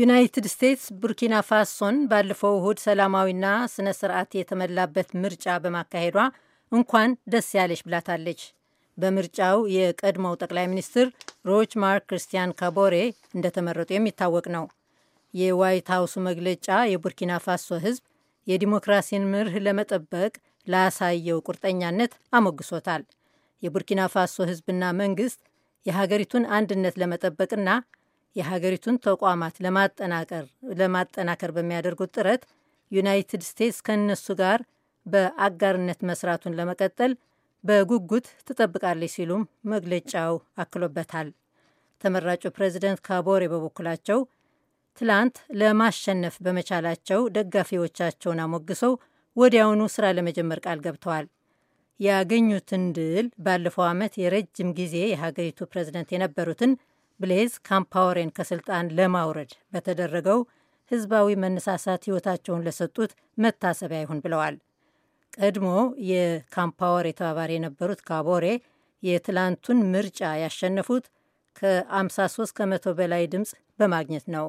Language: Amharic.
ዩናይትድ ስቴትስ ቡርኪና ፋሶን ባለፈው እሁድ ሰላማዊና ስነ ስርዓት የተመላበት ምርጫ በማካሄዷ እንኳን ደስ ያለሽ ብላታለች። በምርጫው የቀድሞው ጠቅላይ ሚኒስትር ሮች ማርክ ክርስቲያን ካቦሬ እንደተመረጡ የሚታወቅ ነው። የዋይት ሀውሱ መግለጫ የቡርኪና ፋሶ ህዝብ የዲሞክራሲን ምርህ ለመጠበቅ ላሳየው ቁርጠኛነት አሞግሶታል። የቡርኪና ፋሶ ህዝብና መንግስት የሀገሪቱን አንድነት ለመጠበቅና የሀገሪቱን ተቋማት ለማጠናከር በሚያደርጉት ጥረት ዩናይትድ ስቴትስ ከነሱ ጋር በአጋርነት መስራቱን ለመቀጠል በጉጉት ትጠብቃለች ሲሉም መግለጫው አክሎበታል። ተመራጩ ፕሬዚደንት ካቦሬ በበኩላቸው ትላንት ለማሸነፍ በመቻላቸው ደጋፊዎቻቸውን አሞግሰው ወዲያውኑ ስራ ለመጀመር ቃል ገብተዋል። ያገኙትን ድል ባለፈው ዓመት የረጅም ጊዜ የሀገሪቱ ፕሬዚደንት የነበሩትን ብሌዝ ካምፓወሬን ከስልጣን ለማውረድ በተደረገው ህዝባዊ መነሳሳት ህይወታቸውን ለሰጡት መታሰቢያ ይሁን ብለዋል። ቀድሞ የካምፓወሬ ተባባሪ የነበሩት ካቦሬ የትላንቱን ምርጫ ያሸነፉት ከ53 ከመቶ በላይ ድምፅ በማግኘት ነው።